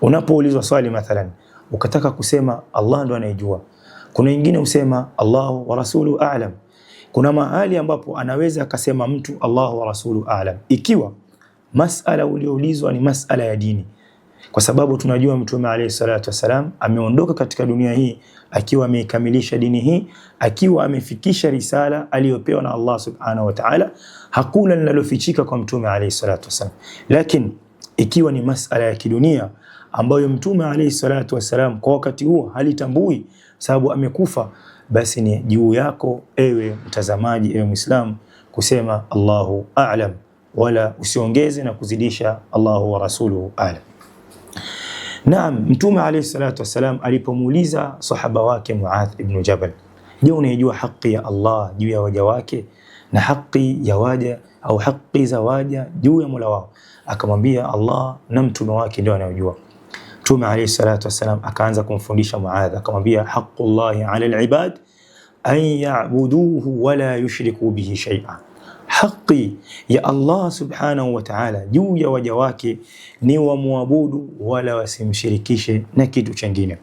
Unapoulizwa swali mathalan ukataka kusema Allah ndo anayejua, kuna nyingine usema Allahu wa rasulu a'lam. Kuna mahali ambapo anaweza akasema mtu Allahu wa rasulu a'lam ikiwa masala ulioulizwa ni masala ya dini, kwa sababu tunajua Mtume alayhi salatu wasalam ameondoka katika dunia hii akiwa ameikamilisha dini hii, akiwa amefikisha risala aliyopewa na Allah subhanahu wa ta'ala. Hakuna linalofichika kwa Mtume alayhi salatu wasalam, lakini ikiwa ni masala ya kidunia ambayo Mtume alayhi salatu wasalam kwa wakati huo halitambui, sababu amekufa, basi ni juu yako ewe mtazamaji, ewe Muislamu, kusema Allahu a'lam, wala usiongeze na kuzidisha Allahu wa rasuluhu a'lam. Naam, Mtume alayhi salatu wassalam alipomuuliza sahaba wake Muadh ibn Jabal, je, unaijua haki ya Allah juu ya waja wake na haki ya waja au haki za waja juu ya Mola wao, akamwambia Allah na mtume wake ndio anayojua. Mtume alayhi salatu wasalam akaanza kumfundisha Muadh, akamwambia haqqullahi ala alibad an ya'buduhu wala yushriku bihi shay'a, haqi ya Allah subhanahu wa ta'ala juu ya waja wake ni wamwabudu wala wasimshirikishe na kitu chengine.